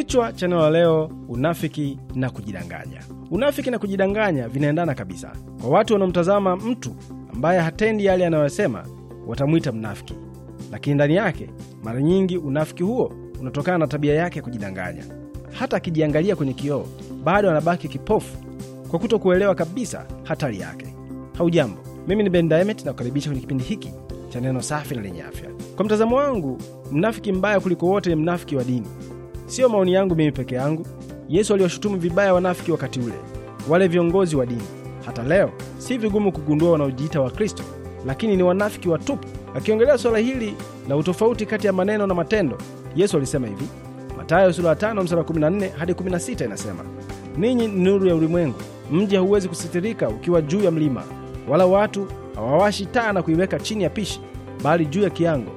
Kichwa cha neno la leo: unafiki na kujidanganya. Unafiki na kujidanganya vinaendana kabisa. Kwa watu wanaomtazama mtu ambaye hatendi yale anayosema, watamwita mnafiki, lakini ndani yake mara nyingi unafiki huo unatokana na tabia yake ya kujidanganya. Hata akijiangalia kwenye kioo, bado anabaki kipofu kwa kuto kuelewa kabisa hatari yake. Haujambo, mimi ni bendaemet na kukaribisha kwenye kipindi hiki cha neno safi na lenye afya. Kwa mtazamo wangu, mnafiki mbaya kuliko wote ni mnafiki wa dini. Siyo maoni yangu mimi peke yangu. Yesu aliwashutumu vibaya wanafiki wakati ule, wale viongozi wa dini. Hata leo si vigumu kugundua wanaojiita Wakristo lakini ni wanafiki watupu. Akiongelea swala hili la utofauti kati ya maneno na matendo, Yesu alisema hivi, Mathayo sura ya 5 mstari 14 hadi 16, inasema ninyi ni nuru ya ulimwengu, mji hauwezi kusitirika ukiwa juu ya mlima, wala watu hawawashi taa na kuiweka chini ya pishi, bali juu ya kiango,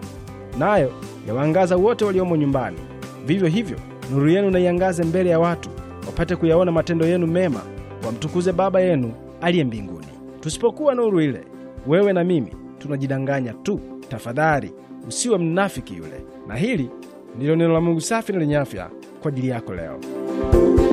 nayo yawaangaza wote waliomo nyumbani. Vivyo hivyo nuru yenu naiangaze mbele ya watu, wapate kuyaona matendo yenu mema, wamtukuze Baba yenu aliye mbinguni. Tusipokuwa nuru ile, wewe na mimi tunajidanganya tu. Tafadhali usiwe mnafiki yule. Na hili ndilo neno la Mungu safi na lenye afya kwa ajili yako leo.